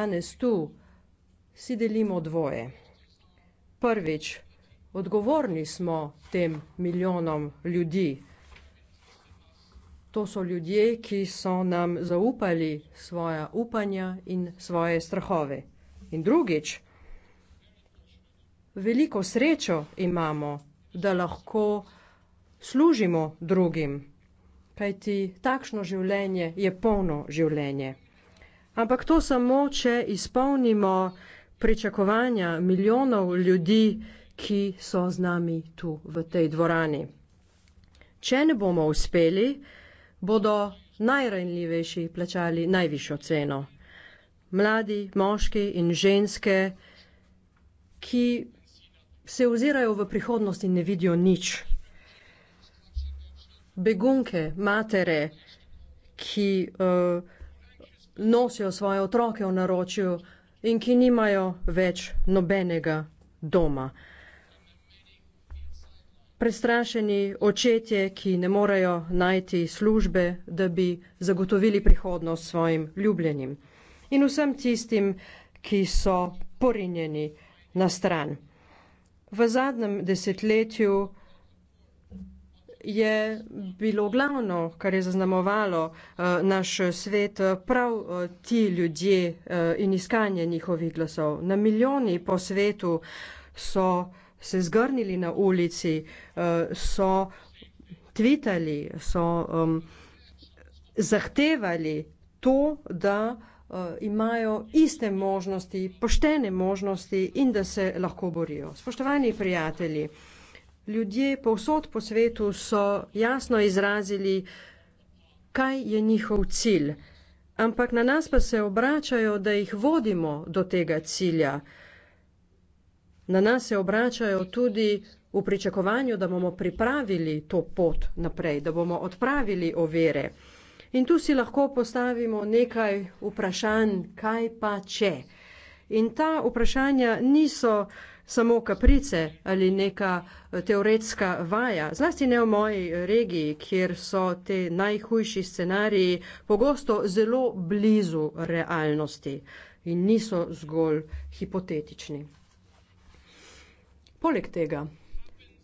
danes tu, si delimo dvoje. Prvič, odgovorni smo tem milijonom ljudi. To so ljudje, ki so nam zaupali svoja upanja in svoje strahove. In drugič, veliko srečo imamo, da lahko služimo drugim. Kajti takšno življenje je polno življenje. Ampak to samo, če izpolnimo pričakovanja milijonov ljudi, ki so z nami tu v tej dvorani. Če ne bomo uspeli, bodo najranljivejši plačali najvišjo ceno. Mladi, moški in ženske, ki se ozirajo v prihodnost in ne vidijo nič. Begunke, matere, ki. Uh, nosijo svoje otroke v naročju in ki nimajo več nobenega doma. Prestrašeni očetje, ki ne morejo najti službe, da bi zagotovili prihodnost svojim ljubljenim in vsem tistim, ki so porinjeni na stran. V zadnjem desetletju je bilo glavno, kar je zaznamovalo uh, naš svet, eh, prav uh, ti ljudje uh, in iskanje njihovih glasov. Na milijoni po svetu so se zgrnili na ulici, uh, so tvitali, so um, zahtevali to, da imajo iste možnosti, poštene možnosti in da se lahko borijo. Spoštovani prijatelji, Ljudje povsod po svetu so jasno izrazili, kaj je njihov cilj, ampak na nas pa se obračajo, da jih vodimo do tega cilja. Na nas se obračajo tudi v pričakovanju, da bomo pripravili to pot naprej, da bomo odpravili ovire. In tu si lahko postavimo nekaj vprašanj, kaj pa če. In ta vprašanja niso samo kaprice ali neka eh, teoretska vaja, zlasti ne v moji eh, regiji, kjer so te najhujši scenariji pogosto zelo blizu realnosti in niso zgolj hipotetični. Poleg tega,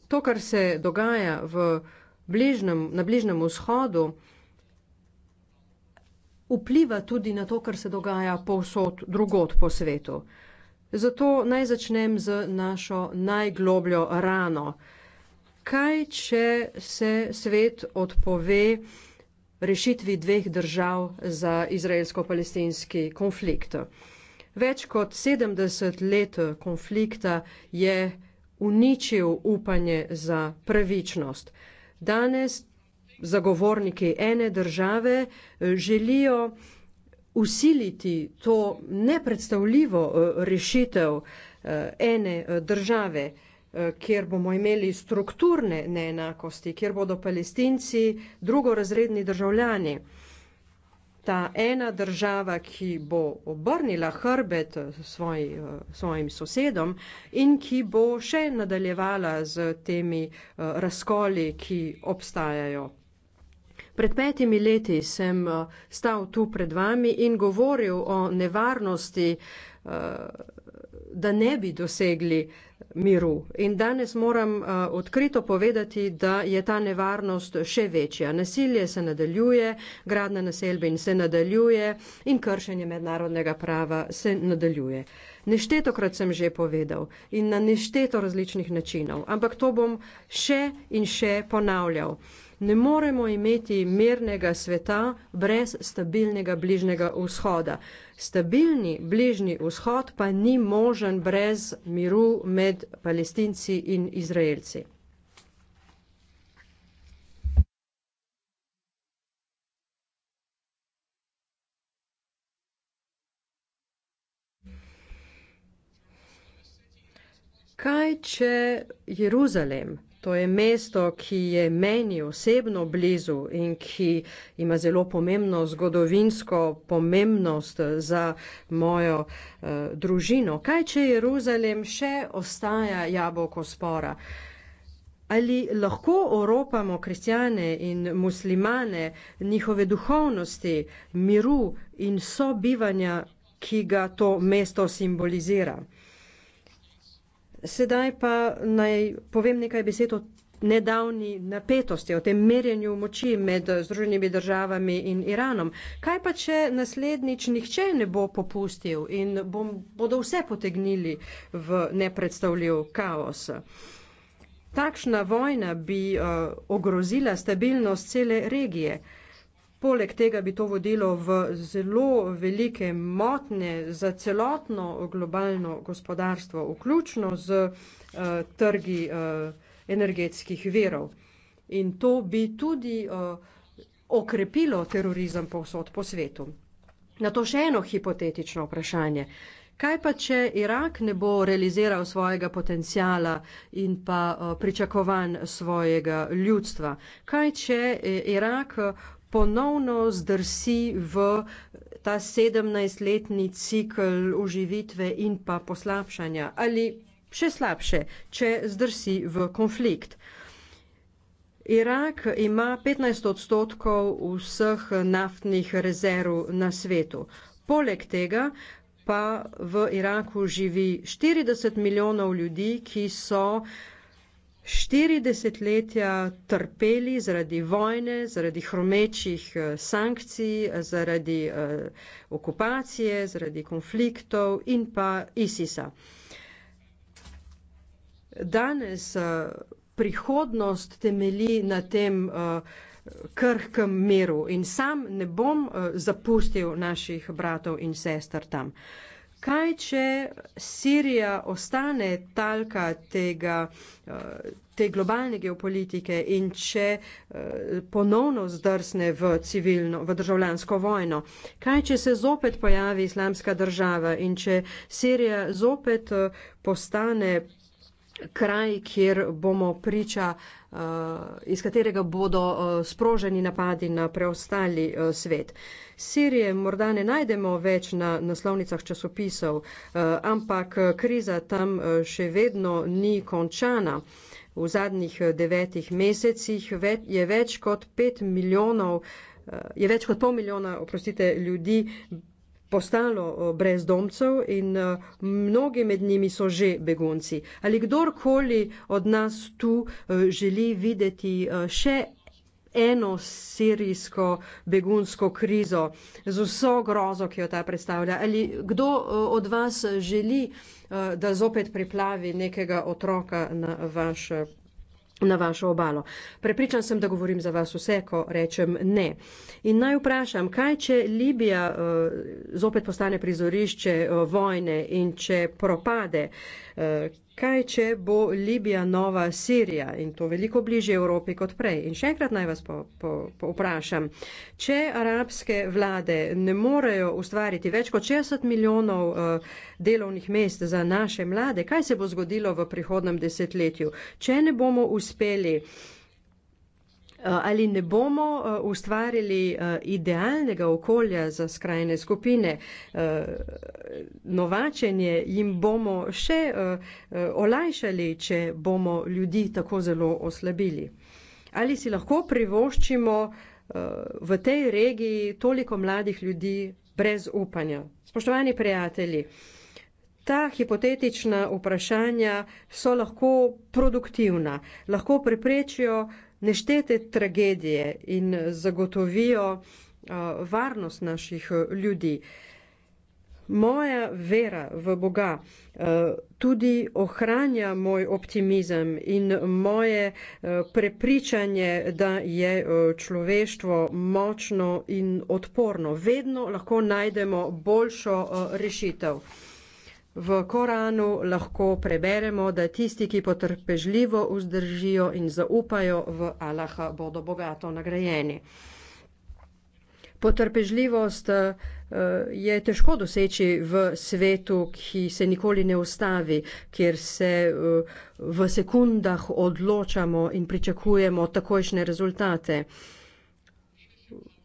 to, kar se dogaja v bližnem, na bližnjem vzhodu, vpliva tudi na to, kar se dogaja povsod drugod po svetu. Zato naj začnem z našo najglobljo rano. Kaj, če se svet odpove rešitvi dveh držav za izraelsko-palestinski konflikt? Več kot 70 let konflikta je uničil upanje za pravičnost. Danes zagovorniki ene države želijo usiliti to nepredstavljivo eh, rešitev eh, ene eh, države, kjer bomo imeli strukturne neenakosti, kjer bodo palestinci drugorazredni državljani. Ta ena država, ki bo obrnila hrbet svoj, svojim sosedom in ki bo še nadaljevala z temi razkoli, ki obstajajo. Pred petimi leti sem eh, stal tu pred vami in govoril o nevarnosti, eh, da ne bi dosegli eh, miru. In danes moram odkrito povedati, da je ta nevarnost še večja. Nasilje se nadaljuje, gradna naselbin se nadaljuje in kršenje mednarodnega prava se nadaljuje. Neštetokrat sem že povedal in na nešteto različnih načinov, ampak to bom še in še ponavljal ne moremo imeti mirnega sveta brez stabilnega bližnjega vzhoda. Stabilni bližnji vzhod pa ni možen brez miru med palestinci in izraelci. Kaj, če Jeruzalem To je mesto, ki je meni osebno blizu in ki ima zelo pomembno zgodovinsko pomembnost za mojo eh, družino. Kaj, če Jeruzalem še ostaja jaboko spora? Ali lahko oropamo kristjane in muslimane njihove duhovnosti, miru in sobivanja, ki ga to mesto simbolizira? sedaj pa naj povem nekaj besed o nedavni napetosti, o tem merjenju moči med Združenimi državami in Iranom. Kaj pa, če naslednjič nihče ne bo popustil in bom, bodo vse potegnili v nepredstavljiv kaos? Takšna vojna bi uh, ogrozila stabilnost cele regije. Uh, Poleg tega bi to vodilo v zelo velike motne za celotno globalno gospodarstvo, vključno z uh, trgi uh, energetskih verov. In to bi tudi uh, okrepilo terorizem povsod po svetu. Na to še eno hipotetično vprašanje. Kaj pa, če Irak ne bo realiziral svojega potencijala in pa pričakovanj svojega ljudstva? Kaj, če Irak ponovno zdrsi v ta 17-letni cikl uživitve in pa poslabšanja ali še slabše, če zdrsi v konflikt. Irak ima 15 odstotkov vseh naftnih rezerv na svetu. Poleg tega pa v Iraku živi 40 milijonov ljudi, ki so štiri desetletja trpeli zaradi vojne, zaradi hromečih eh, sankcij, eh, zaradi eh, okupacije, zaradi konfliktov in pa ISIS-a. Danes prihodnost temeli na tem krhkem miru in sam ne bom zapustil naših bratov in sester tam kaj če Sirija ostane talka tega, eh, te globalne geopolitike in če eh, ponovno zdrsne v, civilno, v državljansko vojno. Kaj če se zopet pojavi islamska država in če Sirija zopet eh, postane kraj, kjer bomo priča, eh, iz katerega bodo eh, sproženi napadi na preostali eh, svet. Sirije morda ne najdemo več na naslovnicah časopisov, ampak kriza tam še vedno ni končana. V zadnjih devetih mesecih je več kot pet milijonov, je več kot pol milijona, oprostite, ljudi postalo eh, brez domcev in eh, mnogi med njimi so že begunci. Ali kdorkoli od nas tu eh, želi videti še eno sirijsko begunsko krizo z vso grozo, ki jo ta predstavlja? Ali kdo od vas želi, da zopet priplavi nekega otroka na vaš na vašo obalo. Prepričan sem, da govorim za vas vse, ko rečem ne. In naj vprašam, kaj če Libija uh, zopet postane prizorišče uh, vojne in če propade, uh, kaj če bo Libija nova Sirija in to veliko bliže Evropi kot prej. In še enkrat naj vas po, po, po vprašam, če arabske vlade ne morejo ustvariti več kot 60 milijonov uh, delovnih mest za naše mlade, kaj se bo zgodilo v prihodnem desetletju, če ne bomo uspeli uh, Eh, ali ne bomo eh, ustvarili eh, idealnega okolja za skrajne skupine. Novačenje jim bomo še olajšali, če bomo ljudi tako zelo oslabili. Ali si lahko privoščimo v tej regiji toliko mladih ljudi brez upanja? Spoštovani prijatelji, ta hipotetična vprašanja so lahko produktivna, lahko preprečijo uh, neštete tragedije in zagotovijo uh, varnost naših uh, ljudi. Moja vera v Boga uh, tudi ohranja moj optimizem in moje prepričanje, da je človeštvo močno in odporno. Vedno lahko najdemo boljšo rešitev. V Koranu lahko preberemo, da tisti, ki potrpežljivo vzdržijo in zaupajo v Allaha, bodo bogato nagrajeni. Potrpežljivost eh, je težko doseči v svetu, ki se nikoli ne ustavi, kjer se eh, v sekundah odločamo in pričakujemo takojšne rezultate.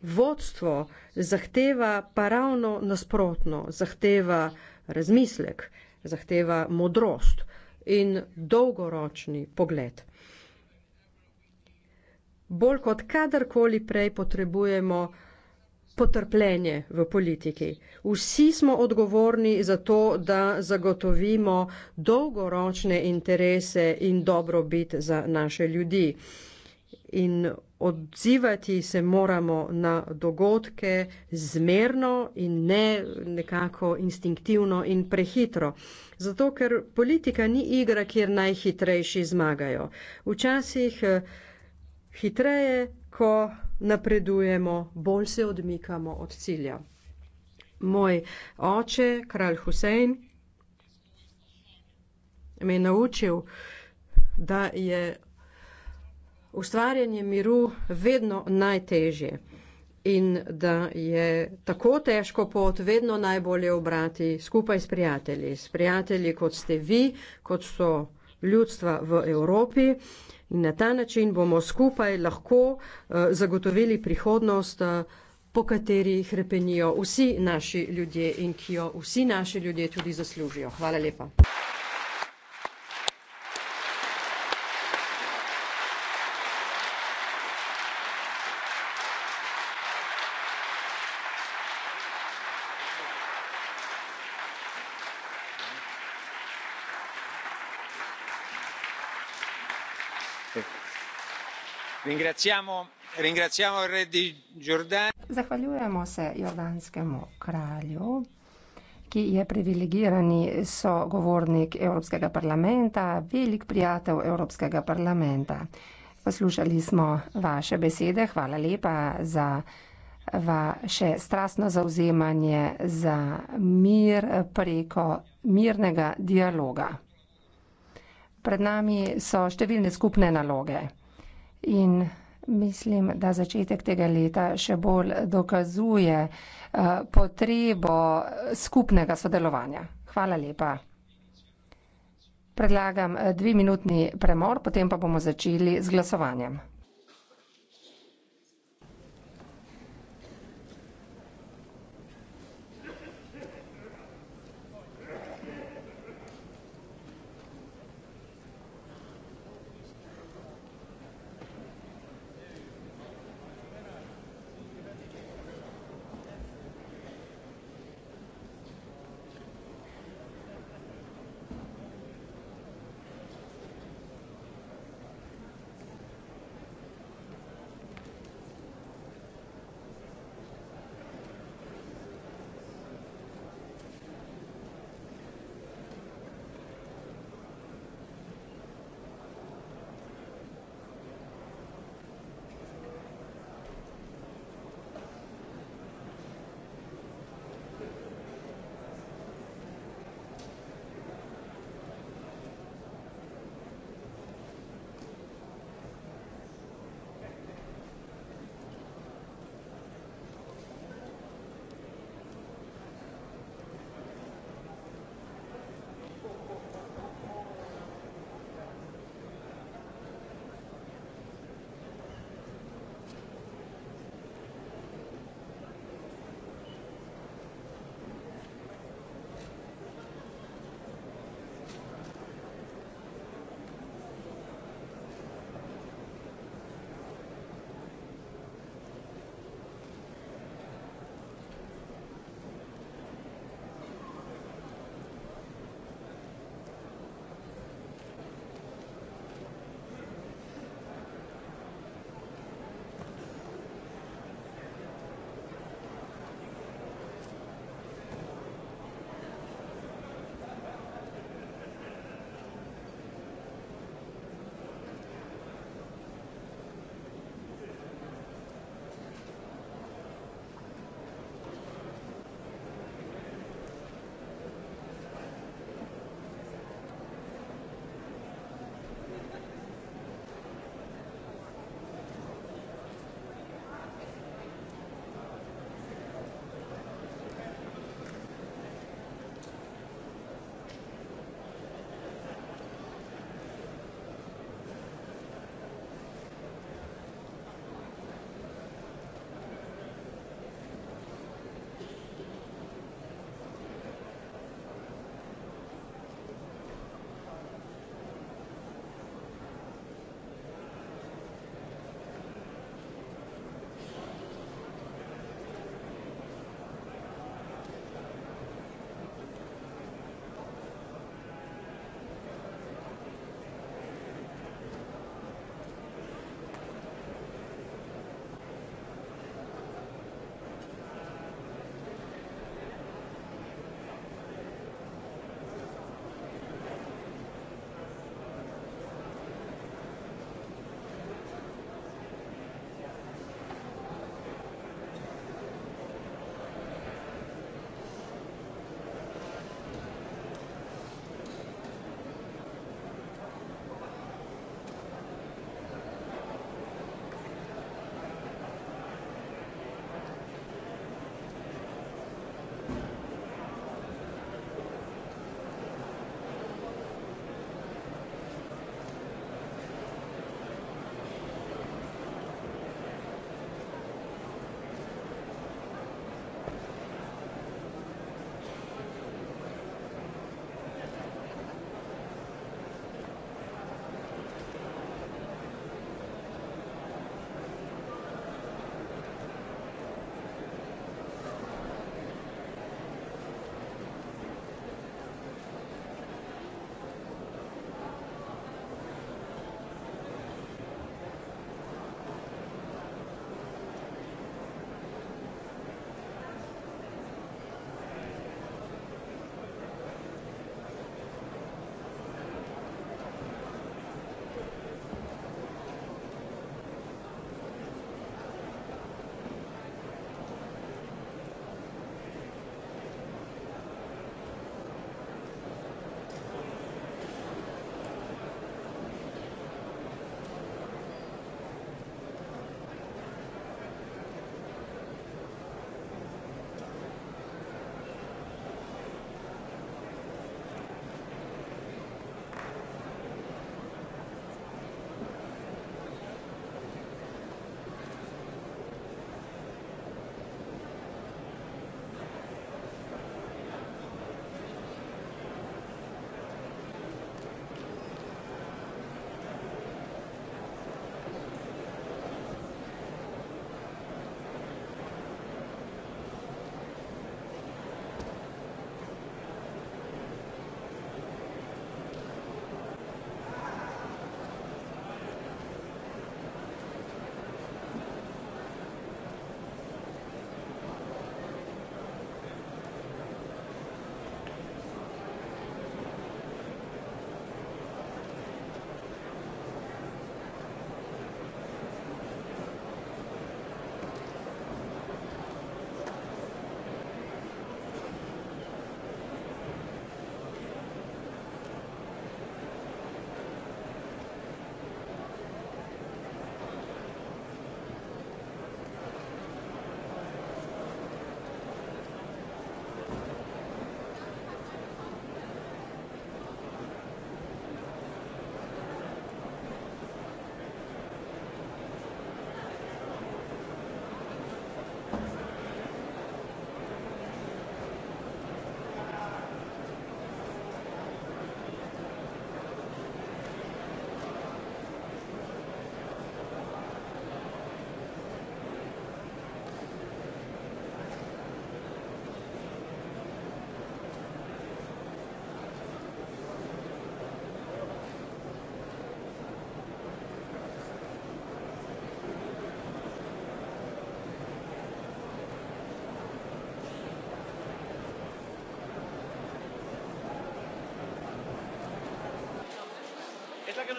Vodstvo zahteva pa ravno nasprotno, zahteva razmislek, zahteva modrost in dolgoročni pogled. Bolj kot kadarkoli prej potrebujemo potrpljenje v politiki. Vsi smo odgovorni za to, da zagotovimo dolgoročne interese in dobrobit za naše ljudi. In odzivati se moramo na dogodke zmerno in ne nekako instinktivno in prehitro. Zato, ker politika ni igra, kjer najhitrejši zmagajo. Včasih eh, hitreje, ko napredujemo, bolj se odmikamo od cilja. Moj oče, kralj Husein, me je naučil, da je ustvarjanje miru vedno najtežje in da je tako težko pot vedno najbolje obrati skupaj s prijatelji, s prijatelji kot ste vi, kot so ljudstva v Evropi in na ta način bomo skupaj lahko uh, zagotovili prihodnost, uh, po kateri hrepenijo vsi naši ljudje in ki jo vsi naši ljudje tudi zaslužijo. Hvala lepa. Zahvaljujemo se jordanskemu kralju, ki je privilegirani sogovornik Evropskega parlamenta, velik prijatelj Evropskega parlamenta. Poslušali smo vaše besede. Hvala lepa za vaše strastno zauzemanje za mir preko mirnega dialoga. Pred nami so številne skupne naloge in mislim, da začetek tega leta še bolj dokazuje eh, potrebo skupnega sodelovanja. Hvala lepa. Predlagam eh, dve minutni premor, potem pa bomo začeli z glasovanjem.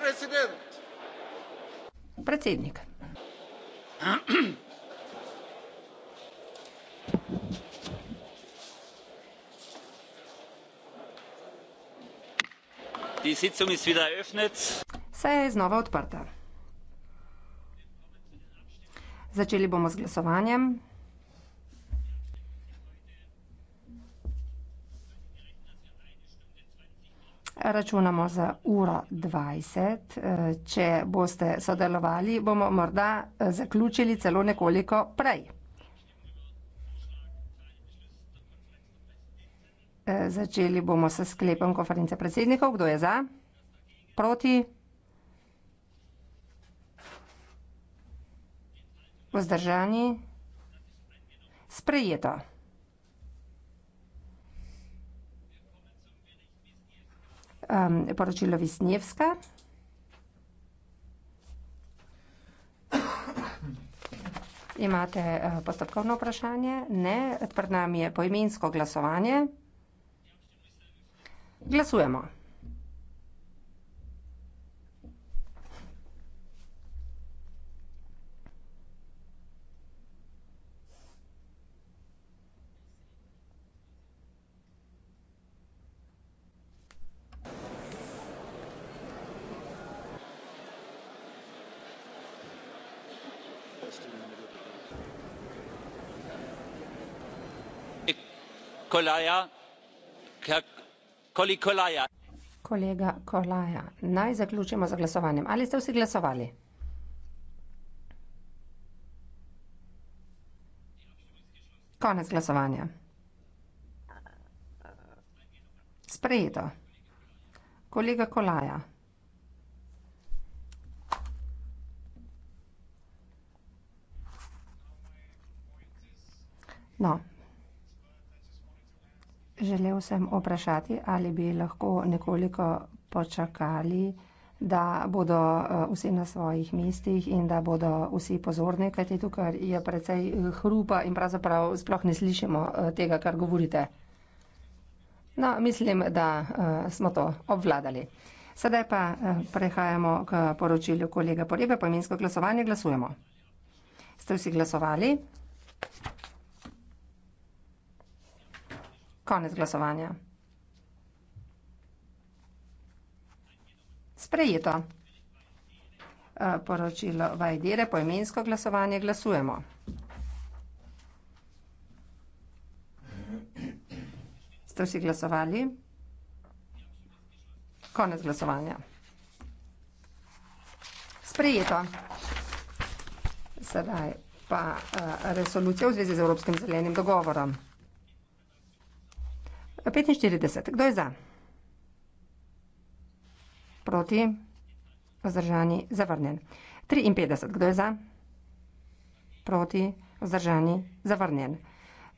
President. Predsednik. Seja je znova odprta. Začeli bomo z glasovanjem. računamo za uro 20. Če boste sodelovali, bomo morda eh, zaključili celo nekoliko prej. Eh, začeli bomo s sklepom konference predsednikov. Kdo je za? Proti? Vzdržani? Sprejeto. um, poročilo Visnjevska. Imate uh, postopkovno vprašanje? Ne, pred nami je poimensko glasovanje. Glasujemo. Kolega Kolaja, naj zaključimo z glasovanjem. Ali ste vsi glasovali? Konec glasovanja. Sprejeto. Kolega Kolaja. No. Želel sem vprašati, ali bi lahko nekoliko počakali, da bodo eh, vsi na svojih mestih in da bodo vsi pozorni, kajti tukaj je precej eh, hrupa in pravzaprav sploh ne slišimo eh, tega, kar govorite. No, mislim, da smo to obvladali. Sedaj pa prehajamo k poročilju kolega Porebe, pomensko glasovanje glasujemo. Ste vsi glasovali? Konec glasovanja. Sprejeto. E, poročilo Vajdere, poimensko glasovanje, glasujemo. Ste vsi glasovali? Konec glasovanja. Sprejeto. Sedaj pa e, resolucija v zvezi z Evropskim zelenim dogovorom. 45. Kdo je za? Proti? Vzdržani? Zavrnjen. 53. Kdo je za? Proti? Vzdržani? Zavrnjen.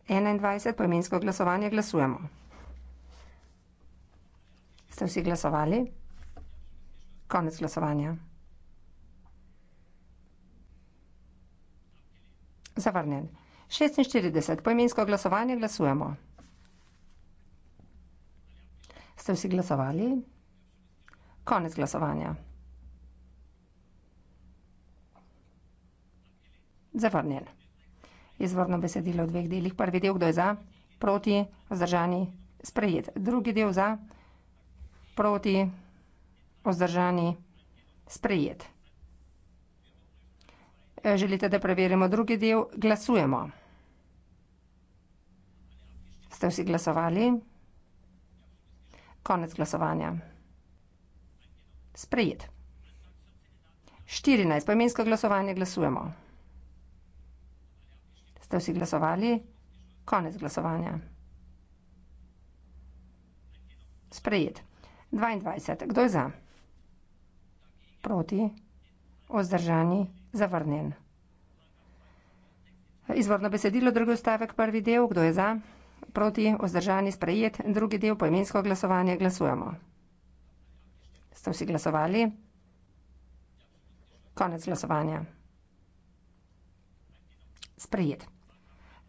21. Pojmensko glasovanje. Glasujemo. Ste vsi glasovali? Konec glasovanja. Zavrnjen. 46. Pojmensko glasovanje. Glasujemo. Glasujemo. Ste vsi glasovali? Konec glasovanja. Zavrnjen. Izvorno besedilo v dveh delih. Prvi del, kdo je za, proti, vzdržani, sprejet. Drugi del za, proti, vzdržani, sprejet. E, želite, da preverimo drugi del? Glasujemo. Ste vsi glasovali? konec glasovanja. Sprejet. 14. Poimensko glasovanje glasujemo. Ste vsi glasovali? Konec glasovanja. Sprejet. 22. Kdo je za? Proti? Ozdržani? Zavrnen. Izvorno besedilo, drugi ustavek, prvi del. Kdo je za? proti, vzdržani, sprejet, drugi del poimensko glasovanje, glasujemo. Ste vsi glasovali? Konec glasovanja. Sprejet.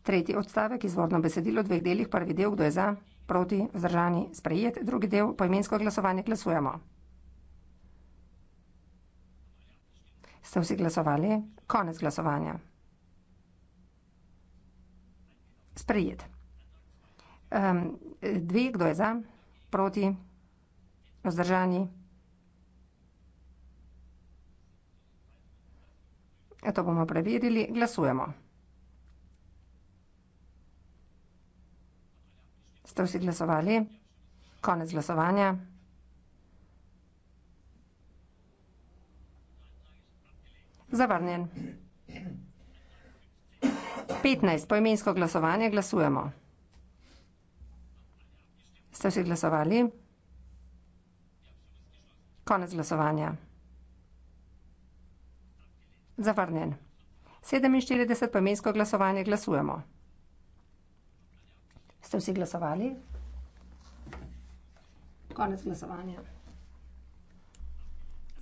Tretji odstavek, izvorno besedilo, dveh delih, prvi del, kdo je za, proti, vzdržani, sprejet, drugi del poimensko glasovanje, glasujemo. Ste vsi glasovali? Konec glasovanja. Sprejet. Um, dve, kdo je za, proti, vzdržani. E, to bomo preverili. Glasujemo. Ste vsi glasovali? Konec glasovanja. Zavrnjen. 15. Poimensko glasovanje. Glasujemo. Ste vsi glasovali? Konec glasovanja. Zavrnjen. 47 pomensko glasovanje glasujemo. Ste vsi glasovali? Konec glasovanja.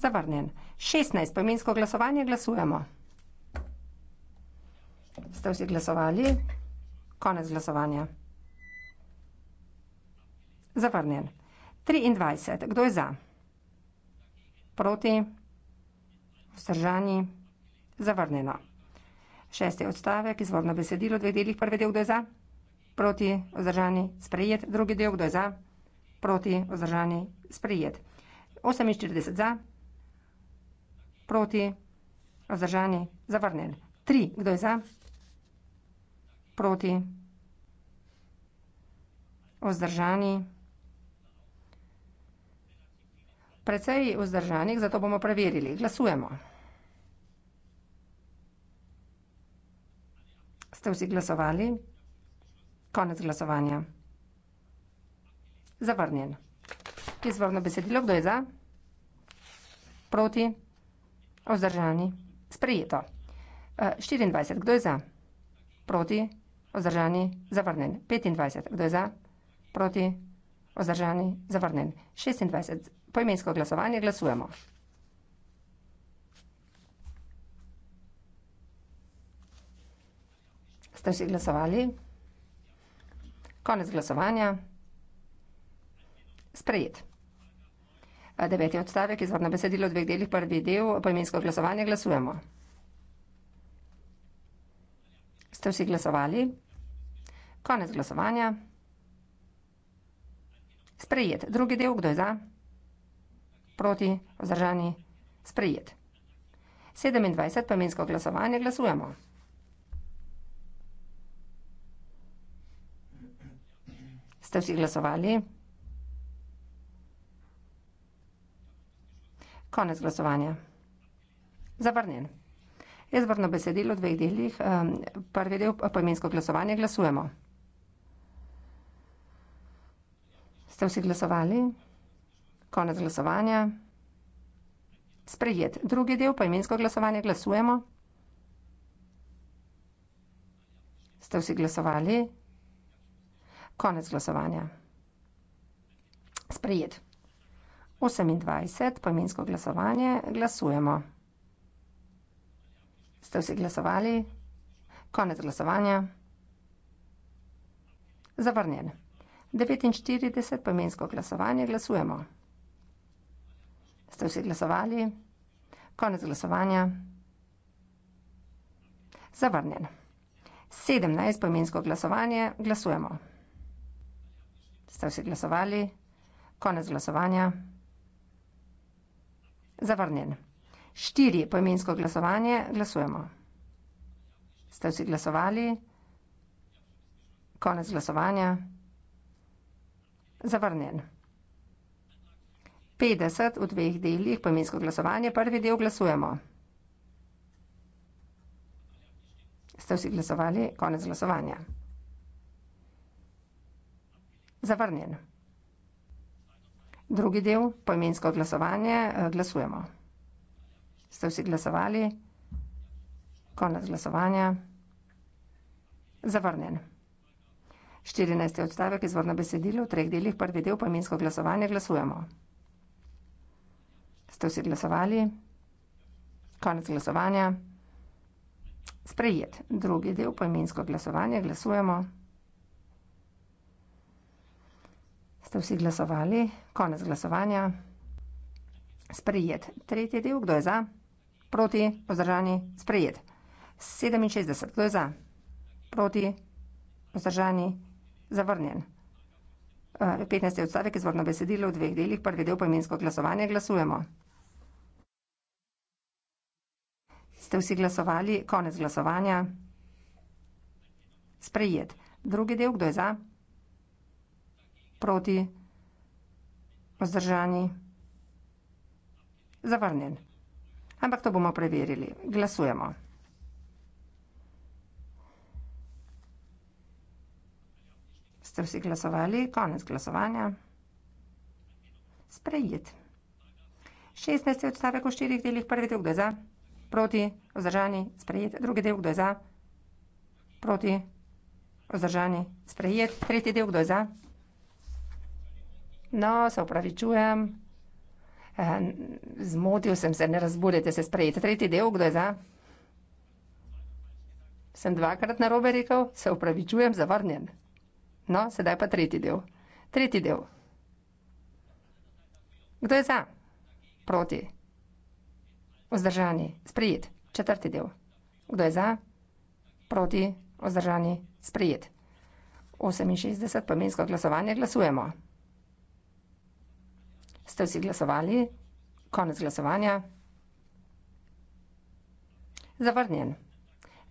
Zavrnjen. 16 pomensko glasovanje glasujemo. Ste vsi glasovali? Konec glasovanja. Zavrnjen. 23. Kdo je za? Proti? Vzdržani? Zavrnjeno. Šesti odstavek, izvorno besedilo, dveh delih, prvi del, kdo je za? Proti? Vzdržani? Sprejet. Drugi del, kdo je za? Proti? Vzdržani? Sprejet. 48 za? Proti? Vzdržani? Zavrnjen. 3. Kdo je za? Proti? Vzdržani? Zavrnjen. precej vzdržanih, zato bomo preverili. Glasujemo. Ste vsi glasovali? Konec glasovanja. Zavrnjen. Izvorno besedilo, kdo je za? Proti? Ozdržani? Sprejeto. 24. Eh, kdo je za? Proti? Ozdržani? Zavrnjen. 25. Kdo je za? Proti? Ozdržani? Zavrnjen. 26 poimensko glasovanje glasujemo. Ste vsi glasovali? Konec glasovanja. Sprejet. Deveti odstavek, izvorno besedilo v dveh delih, prvi del, poimensko glasovanje glasujemo. Ste vsi glasovali? Konec glasovanja. Sprejet. Drugi del, kdo je za? proti, vzdržani, sprejet. 27 pomensko glasovanje, glasujemo. Ste vsi glasovali? Konec glasovanja. Zavrnjen. Izvrno besedilo v dveh delih. Prvi del pomensko glasovanje, glasujemo. Ste vsi glasovali? Ste vsi glasovali? Konec glasovanja. Sprejet. Drugi del, poimensko glasovanje, glasujemo. Ste vsi glasovali? Konec glasovanja. Sprejet. 28, poimensko glasovanje, glasujemo. Ste vsi glasovali? Konec glasovanja. Zavrnjen. 49, poimensko glasovanje, glasujemo. Ste vsi glasovali? Konec glasovanja. Zavrnjen. 17 pomensko glasovanje. Glasujemo. Ste vsi glasovali? Konec glasovanja. Zavrnjen. 4 pomensko glasovanje. Glasujemo. Ste vsi glasovali? Konec glasovanja. Zavrnjen. 50 v dveh delih poimensko glasovanje. Prvi del glasujemo. Ste vsi glasovali? Konec glasovanja. Zavrnjen. Drugi del poimensko glasovanje. Eh, glasujemo. Ste vsi glasovali? Konec glasovanja. Zavrnjen. 14. odstavek izvorno besedilo v treh delih, prvi del poimensko glasovanje glasujemo. Ste vsi glasovali? Konec glasovanja. Sprejet. Drugi del poimensko glasovanje. Glasujemo. Ste vsi glasovali? Konec glasovanja. Sprejet. Tretji del. Kdo je za? Proti. Pozdržani. Sprejet. 67. Kdo je za? Proti. Pozdržani. Zavrnjen. 15. Eh, odstavek izvorno besedilo v dveh delih. Prvi del poimensko glasovanje. Glasujemo. Ste vsi glasovali? Konec glasovanja. Sprejet. Drugi del, kdo je za? Proti? Vzdržani? Zavrnjen. Ampak to bomo preverili. Glasujemo. Ste vsi glasovali? Konec glasovanja. Sprejet. 16. odstavek v štirih delih. Prvi del, kdo je za? Proti. Vzdržani. Sprejet. Drugi del, kdo je za? Proti. Vzdržani. Sprejet. Tretji del, kdo je za? No, se upravičujem. Eh, zmotil sem se, ne razburjete se sprejeti. Tretji del, kdo je za? Sem dvakrat na robe rekel, se upravičujem, zavrnjen. No, sedaj pa tretji del. Tretji del. Kdo je za? Proti. Vzdržani. Sprejet. Četrti del. Kdo je za? Proti. Vzdržani. Sprejet. 68 pomensko glasovanje. Glasujemo. Ste vsi glasovali? Konec glasovanja. Zavrnjen.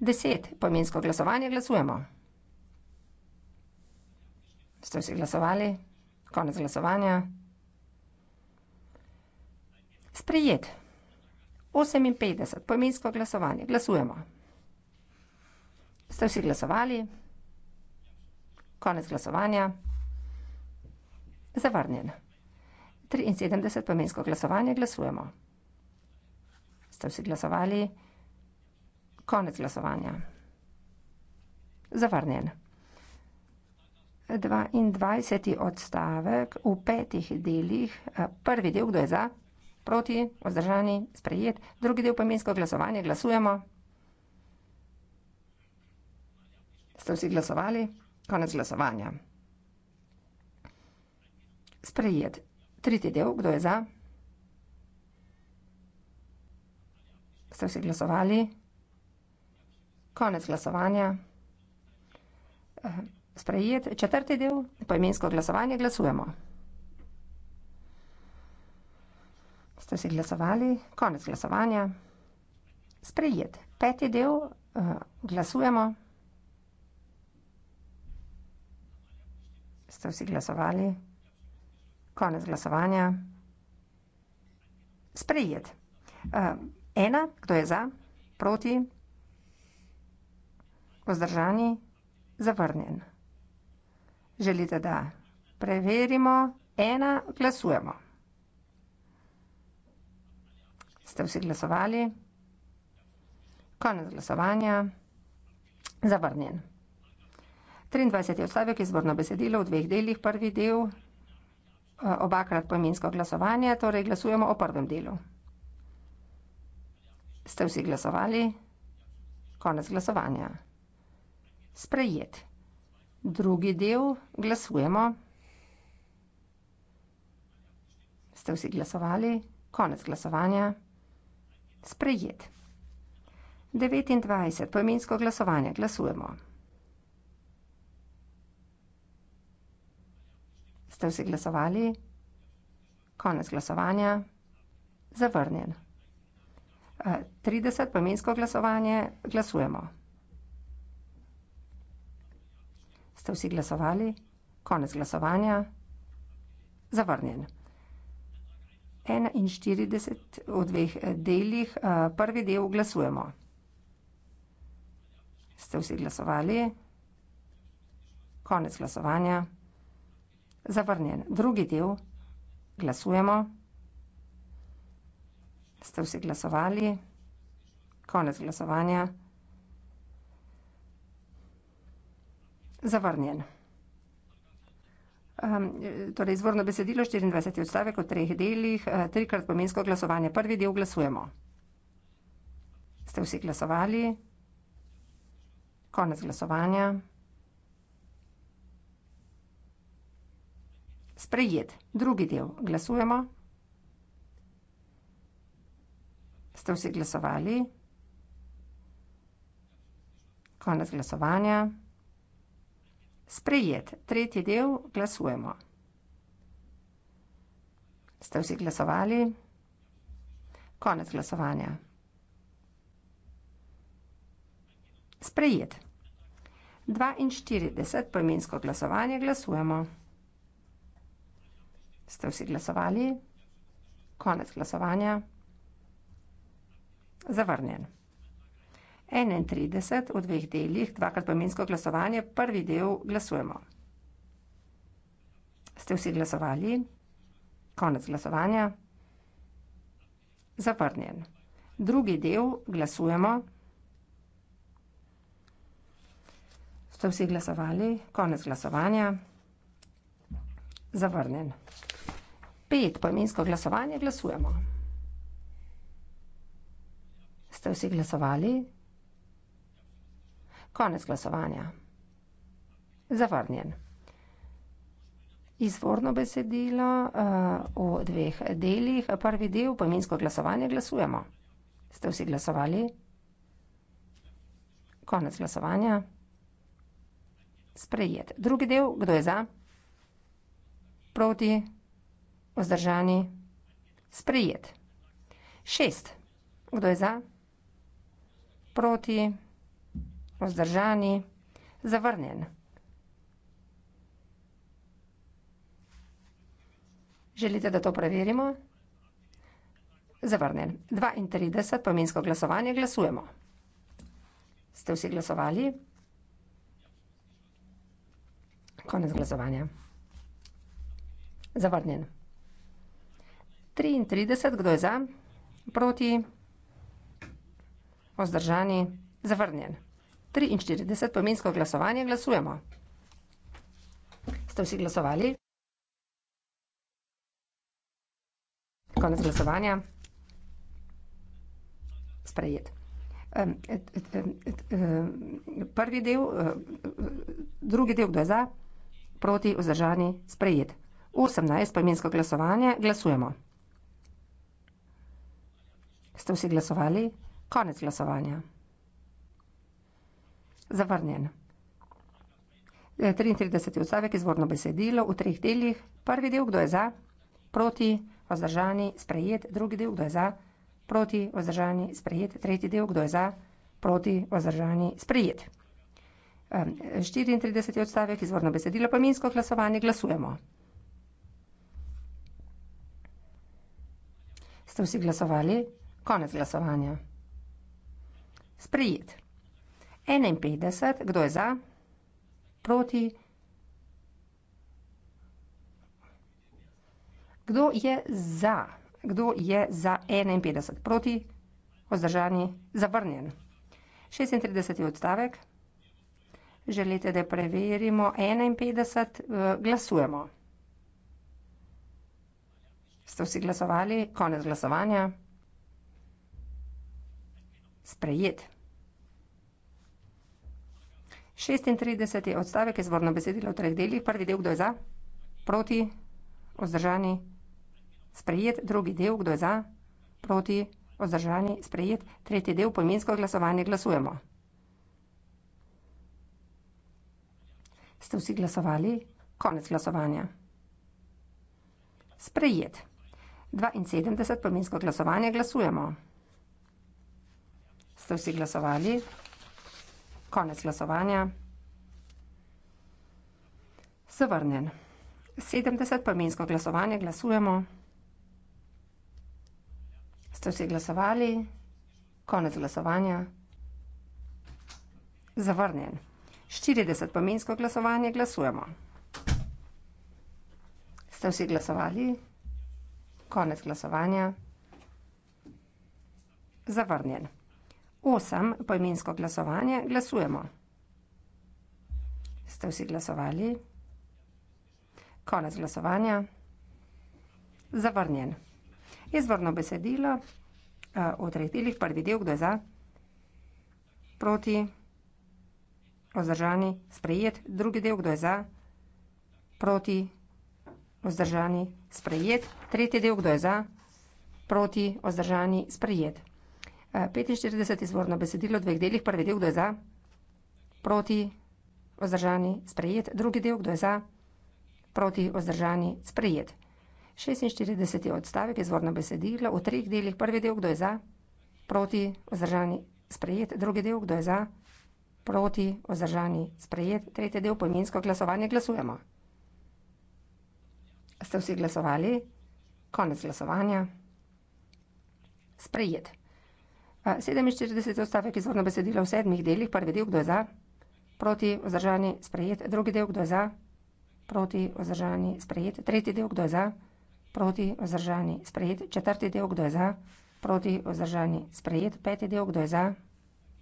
10 pomensko glasovanje. Glasujemo. Ste vsi glasovali? Konec glasovanja. Sprejet. 58, pojmensko glasovanje. Glasujemo. Ste vsi glasovali? Konec glasovanja. Zavrnjen. 73, pojmensko glasovanje. Glasujemo. Ste vsi glasovali? Konec glasovanja. Zavrnjen. 22. odstavek v petih delih. Prvi del, kdo je za? proti, vzdržani, sprejet. Drugi del pomensko glasovanje, glasujemo. Ste vsi glasovali? Konec glasovanja. Sprejet. Tretji del, kdo je za? Ste vsi glasovali? Konec glasovanja. Eh, sprejet. Četrti del, pojmensko glasovanje, glasujemo. Ste si glasovali? Konec glasovanja. Sprejet. Peti del. Eh, glasujemo. Ste vsi glasovali? Konec glasovanja. Sprejet. Eh, ena, kdo je za, proti, vzdržani, zavrnjen. Želite, da preverimo? Ena, glasujemo. Ste vsi glasovali? Konec glasovanja. Zavrnjen. 23. odstavek je zborno besedilo v dveh delih, prvi del, eh, obakrat pojmensko glasovanje, torej glasujemo o prvem delu. Ste vsi glasovali? Konec glasovanja. Sprejet. Drugi del glasujemo. Ste vsi glasovali? Konec glasovanja. Sprejet. 29. Poimensko glasovanje. Glasujemo. Ste vsi glasovali? Konec glasovanja. Zavrnjen. 30. Eh, poimensko glasovanje. Glasujemo. Ste vsi glasovali? Konec glasovanja. Zavrnjen. 41 v dveh eh, delih. Eh, prvi del glasujemo. Ste vsi glasovali? Konec glasovanja. Zavrnjen. Drugi del glasujemo. Ste vsi glasovali? Konec glasovanja. Zavrnjen. Um, torej, izvorno besedilo 24. odstavek v treh delih, eh, trikrat pomensko glasovanje. Prvi del glasujemo. Ste vsi glasovali? Konec glasovanja. Sprejet. Drugi del glasujemo. Ste vsi glasovali? Konec glasovanja. Sprejet. Tretji del. Glasujemo. Ste vsi glasovali? Konec glasovanja. Sprejet. 42. Pojmensko glasovanje. Glasujemo. Ste vsi glasovali? Konec glasovanja. Zavrnjen. 31 v dveh delih, dvakrat pomensko glasovanje, prvi del glasujemo. Ste vsi glasovali? Konec glasovanja. Zavrnjen. Drugi del glasujemo. Ste vsi glasovali? Konec glasovanja. Zavrnjen. Pet pomensko glasovanje glasujemo. Ste vsi glasovali? Konec glasovanja. Zavrnjen. Izvorno besedilo uh, eh, v dveh delih. Prvi del, pojminsko glasovanje, glasujemo. Ste vsi glasovali? Konec glasovanja. Sprejet. Drugi del, kdo je za? Proti? Ozdržani? Sprejet. Šest. Kdo je za? Proti? vzdržani, zavrnjen. Želite, da to preverimo? Zavrnjen. 32, pomensko glasovanje, glasujemo. Ste vsi glasovali? Konec glasovanja. Zavrnjen. 33, kdo je za? Proti? Ozdržani? Zavrnjen. 43 pomensko glasovanje glasujemo. Ste vsi glasovali? Konec glasovanja. Sprejet. Prvi del, e, drugi del, kdo je za, proti, vzdržani, sprejet. 18 pomensko glasovanje glasujemo. Ste vsi glasovali? Konec glasovanja zavrnjen. 33. odstavek izvorno besedilo v treh delih. Prvi del, kdo je za, proti, vzdržani, sprejet, drugi del, kdo je za, proti, vzdržani, sprejet, tretji del, kdo je za, proti, vzdržani, sprejet. 34. odstavek izvorno besedilo pomensko glasovanje glasujemo. Ste vsi glasovali? Konec glasovanja. Sprejet. 51, kdo je za? Proti? Kdo je za? Kdo je za 51? Proti? Ozdržani? Zavrnjen. 36. odstavek. Želite, da preverimo 51? Eh, glasujemo. Ste vsi glasovali? Konec glasovanja. Sprejet. 36. odstavek je zvorno besedilo v treh delih. Prvi del, kdo je za? Proti? Ozdržani? Sprejet. Drugi del, kdo je za? Proti? Ozdržani? Sprejet. Tretji del, pojmensko glasovanje, glasujemo. Ste vsi glasovali? Konec glasovanja. Sprejet. 72. pomensko glasovanje glasujemo. Ste vsi glasovali? Konec glasovanja. Zavrnjen. 70 pomensko glasovanje glasujemo. Ste vsi glasovali? Konec glasovanja. Zavrnjen. 40 pomensko glasovanje glasujemo. Ste vsi glasovali? Konec glasovanja. Zavrnjen. Osem, poimensko glasovanje, glasujemo. Ste vsi glasovali? Konec glasovanja. Zavrnjen. Izvorno besedilo eh, v treh delih, prvi del, kdo je za, proti, vzdržani, sprejet, drugi del, kdo je za, proti, vzdržani, sprejet, tretji del, kdo je za, proti, vzdržani, sprejet. 45 izvorno besedilo, dveh delih, prvi del, kdo je za, proti, vzdržani, sprejet, drugi del, kdo je za, proti, vzdržani, sprejet. 46. odstavek izvorno besedilo, v treh delih, prvi del, kdo je za, proti, vzdržani, sprejet, drugi del, kdo je za, proti, vzdržani, sprejet, tretji del, pojminsko glasovanje, glasujemo. Ste vsi glasovali? Konec glasovanja. Sprejet. 47 odstavek izvorno besedilo v sedmih delih, prvi del, kdo je za, proti vzdržani sprejet, drugi del, kdo je za, proti vzdržani sprejet, tretji del, kdo je za, proti vzdržani sprejet, četrti del, kdo je za, proti vzdržani sprejet, peti del, kdo je za,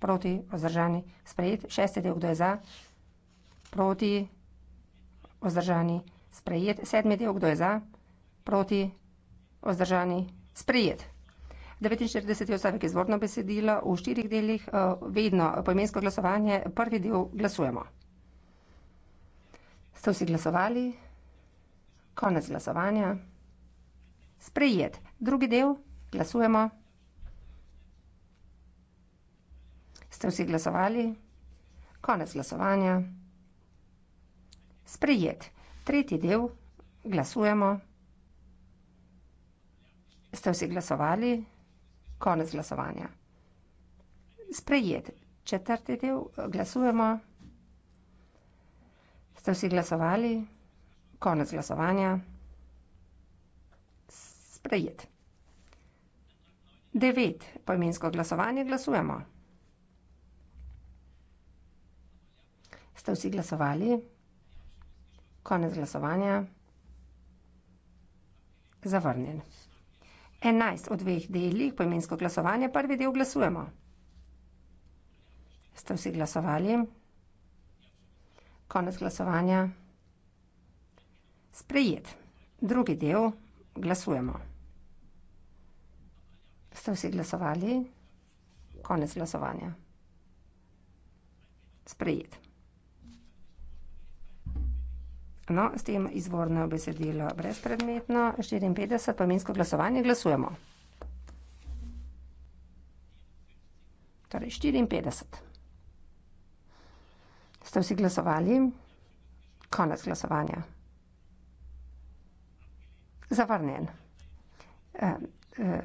proti vzdržani sprejet, šesti del, kdo je za, proti vzdržani sprejet, sedmi del, kdo je za, proti vzdržani sprejet. 49 je ostavek izvorno besedilo v štirih delih, eh, vedno poimensko glasovanje, prvi del glasujemo. Ste vsi glasovali? Konec glasovanja. Sprejet. Drugi del glasujemo. Ste vsi glasovali? Konec glasovanja. Sprejet. Tretji del glasujemo. Ste vsi glasovali? Konec glasovanja. Sprejet. Četrti del. Glasujemo. Ste vsi glasovali? Konec glasovanja. Sprejet. Devet. Pojmensko glasovanje. Glasujemo. Ste vsi glasovali? Konec glasovanja. Zavrnjen. 11 v dveh delih, poimensko glasovanje, prvi del glasujemo. Ste vsi glasovali? Konec glasovanja. Sprejet. Drugi del glasujemo. Ste vsi glasovali? Konec glasovanja. Sprejet. No, s tem izvorno besedilo brezpredmetno, 54 pomensko glasovanje, glasujemo. Torej, 54. Ste vsi glasovali? Konec glasovanja. Zavrnjen. Eh, eh,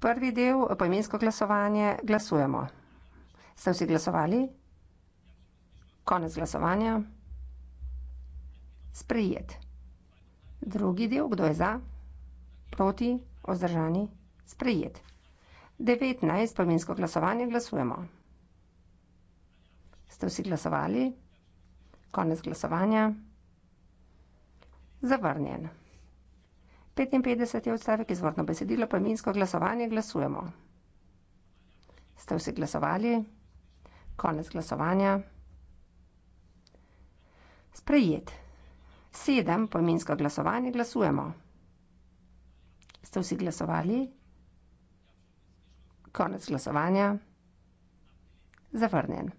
prvi del, pojmensko glasovanje, glasujemo. Ste vsi glasovali? Konec glasovanja sprejet. Drugi del, kdo je za, proti, ozdržani, sprejet. 19, pomensko glasovanje, glasujemo. Ste vsi glasovali? Konec glasovanja. Zavrnjen. 55 je odstavek izvorno besedilo, pomensko glasovanje, glasujemo. Ste vsi glasovali? Konec glasovanja. Sprejet. Sedem pojmensko glasovanje glasujemo. Ste vsi glasovali? Konec glasovanja. Zavrnjen.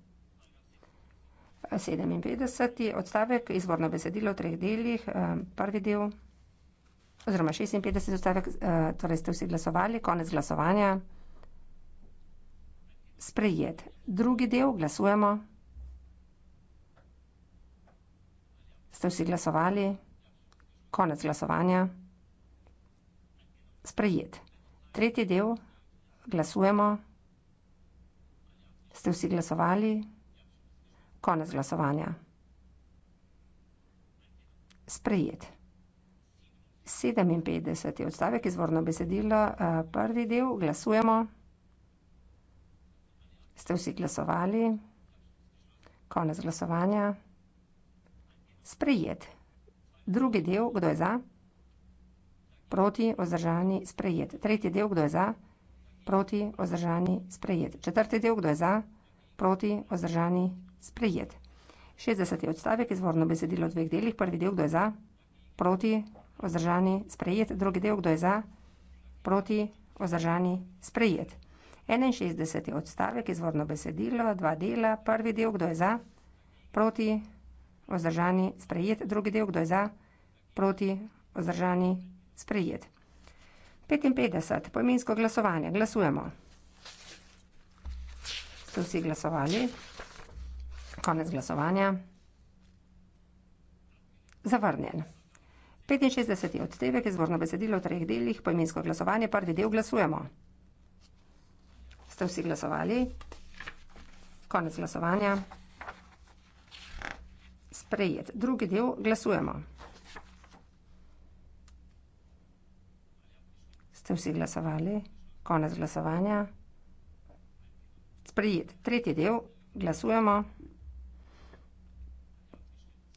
57. odstavek, izvorno besedilo v treh delih, eh, prvi del, oziroma 56. odstavek, eh, torej ste vsi glasovali, konec glasovanja, sprejet. Drugi del, glasujemo. Ste vsi glasovali? Konec glasovanja. Sprejet. Tretji del. Glasujemo. Ste vsi glasovali? Konec glasovanja. Sprejet. 57. odstavek izvorno besedilo. Eh, prvi del. Glasujemo. Ste vsi glasovali? Konec glasovanja sprejet. Drugi del, kdo je za? Proti, vzdržani, sprejet. Tretji del, kdo je za? Proti, vzdržani, sprejet. Četrti del, kdo je za? Proti, vzdržani, sprejet. 60. odstavek, izvorno besedilo v dveh delih. Prvi del, kdo je za? Proti, vzdržani, sprejet. Drugi del, kdo je za? Proti, vzdržani, sprejet. 61. odstavek, izvorno besedilo, dva dela. Prvi del, kdo je za? Proti, vzdržani, sprejet vzdržani, sprejet. Drugi del, kdo je za, proti, vzdržani, sprejet. 55. Pojminsko glasovanje. Glasujemo. Ste vsi glasovali? Konec glasovanja. Zavrnjen. 65. odstevek je zvorno besedilo v treh delih. Pojminsko glasovanje. Prvi del glasujemo. Ste vsi glasovali? Konec glasovanja sprejet. Drugi del glasujemo. Ste vsi glasovali? Konec glasovanja. Sprejet. Tretji del glasujemo.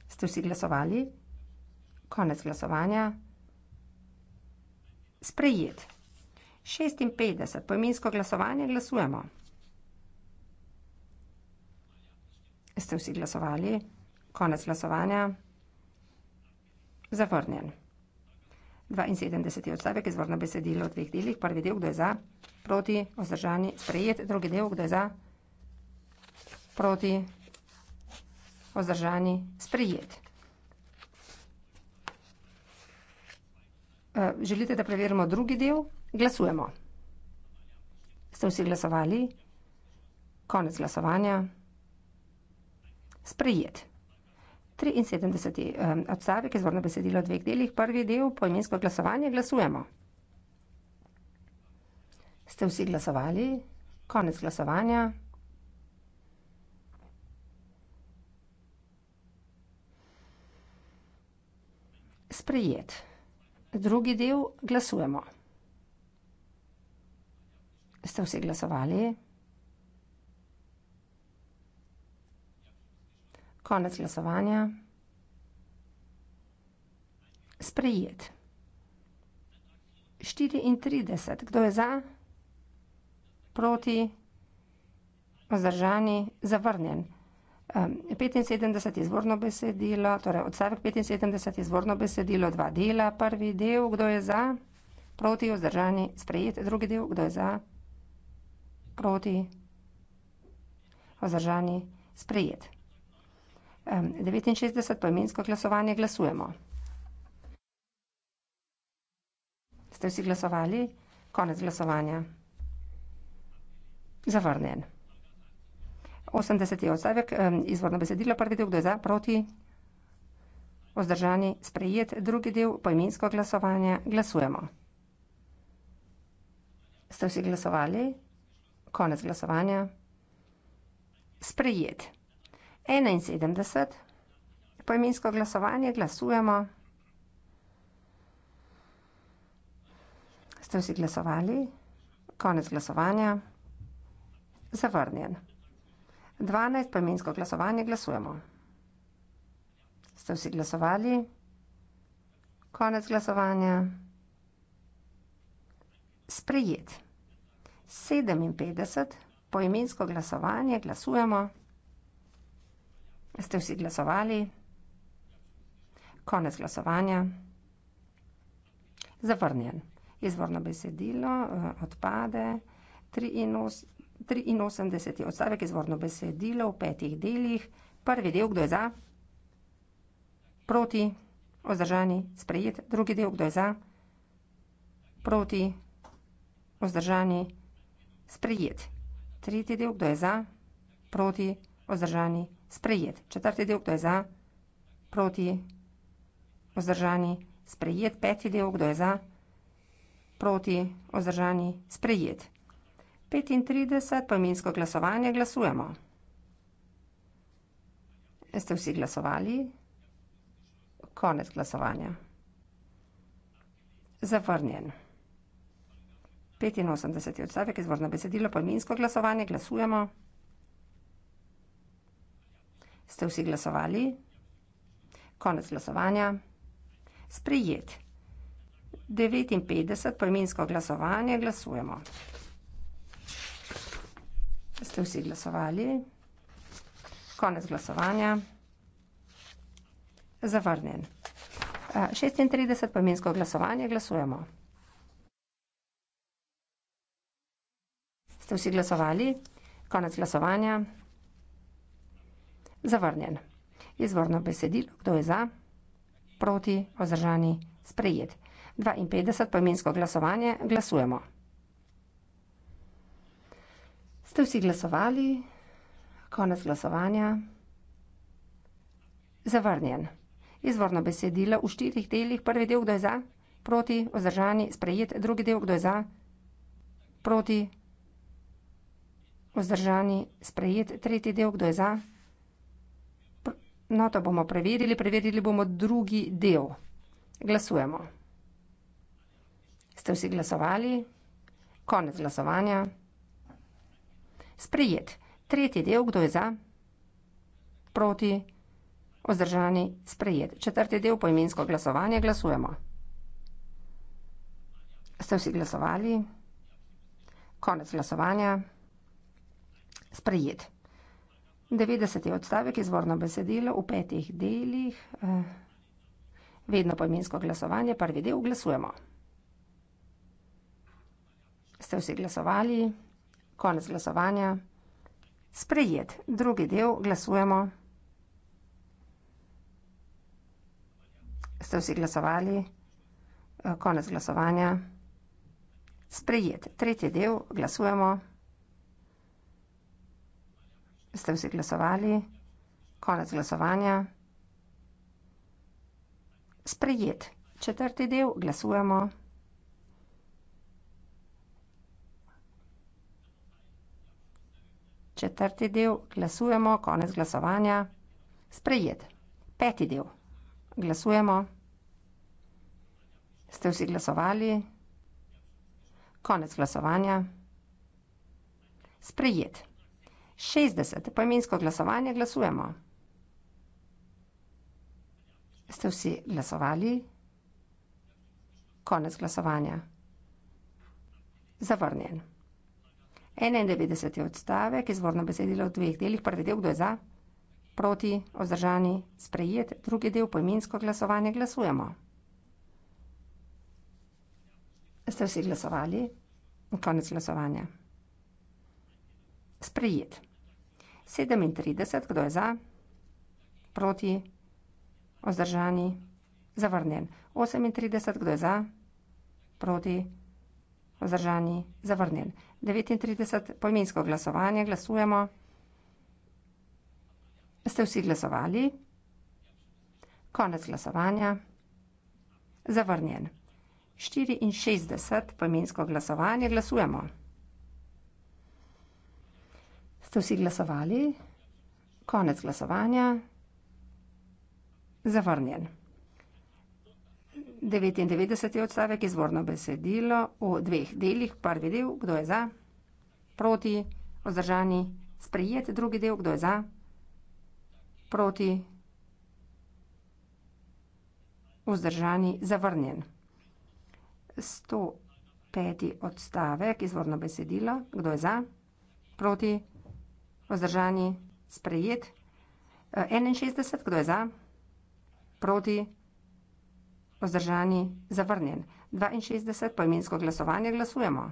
Ste vsi glasovali? Konec glasovanja. Sprejet. 56. Pojminsko glasovanje glasujemo. Ste vsi glasovali? Konec glasovanja. Zavrnjen. 72. odstavek izvorno besedilo v dveh delih. Prvi del, kdo je za, proti, ozdržani, sprejet. Drugi del, kdo je za, proti, ozdržani, sprejet. Eh, želite, da preverimo drugi del? Glasujemo. Ste vsi glasovali? Konec glasovanja. Sprejet. 73. Ehm, odstavek izvorno besedilo v dveh delih. Prvi del poimensko glasovanje glasujemo. Ste vsi glasovali? Konec glasovanja. Sprejet. Drugi del glasujemo. Ste vsi glasovali? Konec glasovanja. Sprejet. 34. Kdo je za? Proti? Vzdržani? Zavrnjen. 75. Izvorno besedilo, torej odstavek 75. Izvorno besedilo, dva dela. Prvi del, kdo je za? Proti? Vzdržani? Sprejet. Drugi del, kdo je za? Proti? Vzdržani? Sprejet devetinšestdeset poimensko glasovanje, glasujemo. Ste vsi glasovali? Konec glasovanja. Zavrnjen. Osemdeseti odstavek, izvorno besedilo, prvi del, kdo je za, proti? Vzdržani, sprejet, drugi del, poimensko glasovanje, glasujemo. Ste vsi glasovali? Konec glasovanja. Sprejet. 71. Poimensko glasovanje, glasujemo. Ste vsi glasovali? Konec glasovanja. Zavrnjen. 12. Poimensko glasovanje, glasujemo. Ste vsi glasovali? Konec glasovanja. Sprejet. 57. Poimensko glasovanje, glasujemo. Ste vsi glasovali? Konec glasovanja. Zavrnjen. Izvorno besedilo eh, odpade. 83. odstavek izvorno besedilo v petih delih. Prvi del, kdo je za? Proti. Ozdržani. Sprejet. Drugi del, kdo je za? Proti. Ozdržani. Sprejet. Tretji del, kdo je za? Proti. Ozdržani. Sprejet sprejet. Četrti del, kdo je za? Proti? Ozdržani? Sprejet. Peti del, kdo je za? Proti? Ozdržani? Sprejet. 35, pojminsko glasovanje, glasujemo. Ste vsi glasovali? Konec glasovanja. Zavrnjen. 85. odstavek izvorno besedilo, pojminsko glasovanje, glasujemo. Ste vsi glasovali? Konec glasovanja. Sprejet. 59, poimensko glasovanje, glasujemo. Ste vsi glasovali? Konec glasovanja. Zavrnjen. 36, eh, poimensko glasovanje, glasujemo. Ste vsi glasovali? Konec glasovanja zavrnjen. Izvorno besedilo, kdo je za, proti, ozdržani, sprejet. 52 pomensko glasovanje, glasujemo. Ste vsi glasovali, konec glasovanja, zavrnjen. Izvorno besedilo v štirih delih, prvi del, kdo je za, proti, ozdržani, sprejet, drugi del, kdo je za, proti, ozdržani, sprejet, tretji del, kdo je za, No, to bomo preverili, preverili bomo drugi del. Glasujemo. Ste vsi glasovali? Konec glasovanja. Sprejet. Tretji del, kdo je za? Proti. Ozdržani. Sprejet. Četrti del, poimensko glasovanje. Glasujemo. Ste vsi glasovali? Konec glasovanja. Sprejet. 90. odstavek je zvorno besedilo v petih delih. Eh, vedno poimensko glasovanje, prvi del glasujemo. Ste vsi glasovali? Konec glasovanja. Sprejet. Drugi del glasujemo. Ste vsi glasovali? Eh, konec glasovanja. Sprejet. Tretji del glasujemo. Ste vsi glasovali? Konec glasovanja. Sprejet. Četrti del, glasujemo. Četrti del, glasujemo, konec glasovanja. Sprejet. Peti del, glasujemo. Ste vsi glasovali? Konec glasovanja. Sprejet. 60, poimensko glasovanje, glasujemo. Ste vsi glasovali? Konec glasovanja. Zavrnjen. 91. odstavek, izvorno besedilo v dveh delih. Prvi del, kdo je za? Proti, ozdržani, sprejet. Drugi del, poimensko glasovanje, glasujemo. Ste vsi glasovali? Konec glasovanja. Sprejet. 37, kdo je za? Proti? Ozdržani? Zavrnjen. 38, kdo je za? Proti? Ozdržani? Zavrnjen. 39, pojmensko glasovanje, glasujemo. Ste vsi glasovali? Konec glasovanja. Zavrnjen. 64, pojmensko glasovanje, glasujemo. Ste vsi glasovali? Konec glasovanja. Zavrnjen. 99. odstavek izvorno besedilo v dveh delih. Prvi del, kdo je za? Proti? Ozdržani? Sprejet? Drugi del, kdo je za? Proti? Ozdržani? Zavrnjen. 105. odstavek izvorno besedilo, kdo je za? Proti? vzdržani, sprejet. Eh, enainšestdeset, kdo je za? Proti? Vzdržani, zavrnjen. Dvainšestdeset, poimensko glasovanje, glasujemo.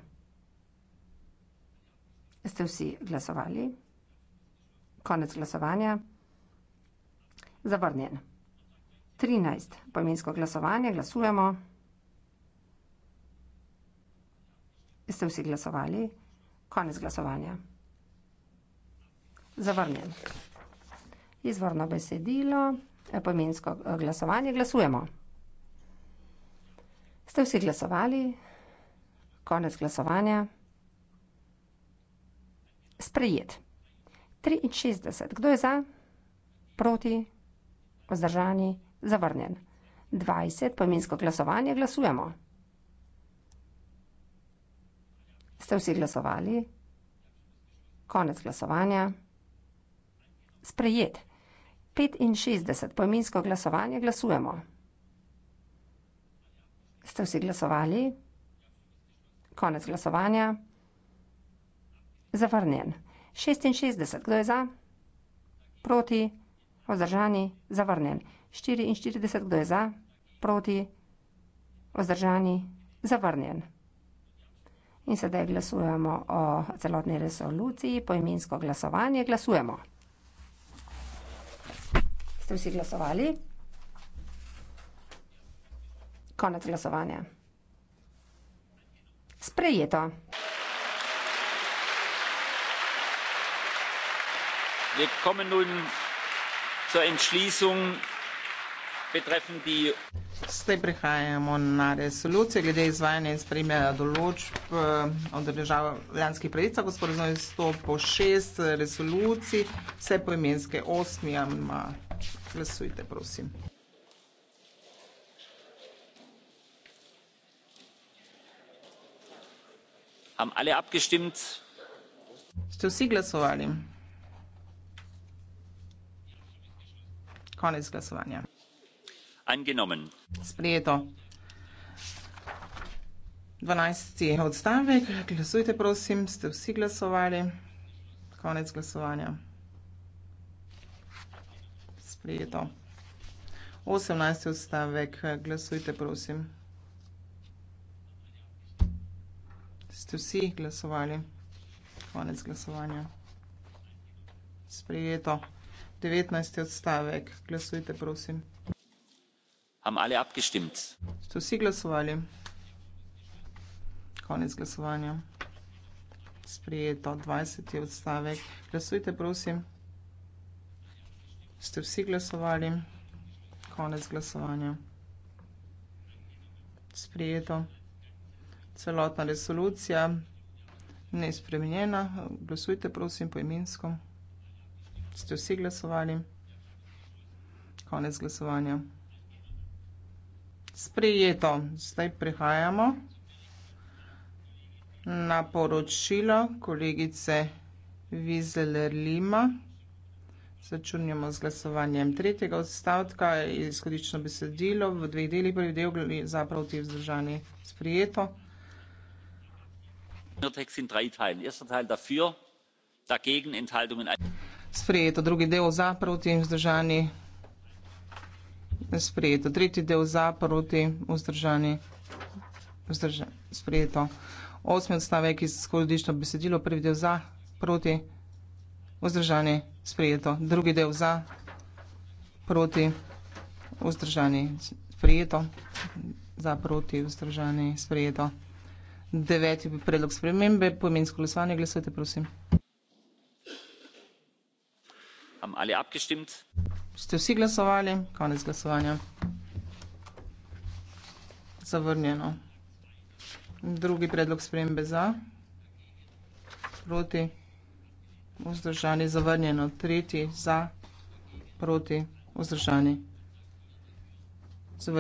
Ste vsi glasovali? Konec glasovanja. Zavrnjen. Trinajst, poimensko glasovanje, glasujemo. Ste vsi glasovali? Konec glasovanja. Zavrnjen. Izvorno besedilo, eh, pomensko eh, glasovanje, glasujemo. Ste vsi glasovali? Konec glasovanja. Sprejet. 63. Kdo je za? Proti? Vzdržani? Zavrnjen. 20. Pomensko glasovanje, glasujemo. Ste vsi glasovali? Konec glasovanja. Sprejet. 65. Pojminsko glasovanje. Glasujemo. Ste vsi glasovali? Konec glasovanja. Zavrnjen. 66. Kdo je za? Proti. Ozdržani. Zavrnjen. 44. Kdo je za? Proti. Ozdržani. Zavrnjen. In sedaj glasujemo o celotni resoluciji. Pojminsko glasovanje. Glasujemo. Ste vsi glasovali? Konec glasovanja. Sprejeto. Zdaj prehajamo na resolucijo glede izvajanja in spremljanja določb eh, o državljanskih pravicah v sporozumu iz 106 resolucij, vse poimenske osmi amma. Pač, glasujte, prosim. Ste vsi glasovali? Konec glasovanja. Sprejeto. Dvanajsti odstavek, glasujte, prosim, ste vsi glasovali? Konec glasovanja sprejeto. 18. odstavek, glasujte prosim. Ste vsi glasovali? Konec glasovanja. Sprejeto. 19. odstavek, glasujte prosim. Haben alle abgestimmt? Ste vsi glasovali? Konec glasovanja. Sprejeto. 20. odstavek, glasujte prosim. Ste vsi glasovali? Konec glasovanja. Sprijeto. Celotna resolucija nespremenjena. Glasujte, prosim, po imensko. Ste vsi glasovali? Konec glasovanja. Sprijeto. Zdaj prihajamo na poročilo kolegice Vizeler Lima. Začunjamo z glasovanjem tretjega odstavka, izhodično besedilo v dveh delih, prvi del glede za proti vzdržani sprijeto. Sprejeto, drugi del za proti vzdržani sprejeto, tretji del za proti vzdržani vzdržani sprejeto. Osmi odstavek izhodišno besedilo, prvi del za proti vzdržani sprejeto sprejeto. Drugi del za, proti, vzdržani, sprejeto. Za, proti, vzdržani, sprejeto. Deveti predlog spremembe, pomensko glasovanje, glasujte, prosim. Ste vsi glasovali? Konec glasovanja. Zavrnjeno. Drugi predlog spremembe za, proti. Vzdržani zavrnjeno. Tretji za. Proti. Vzdržani. Zavrnjeno.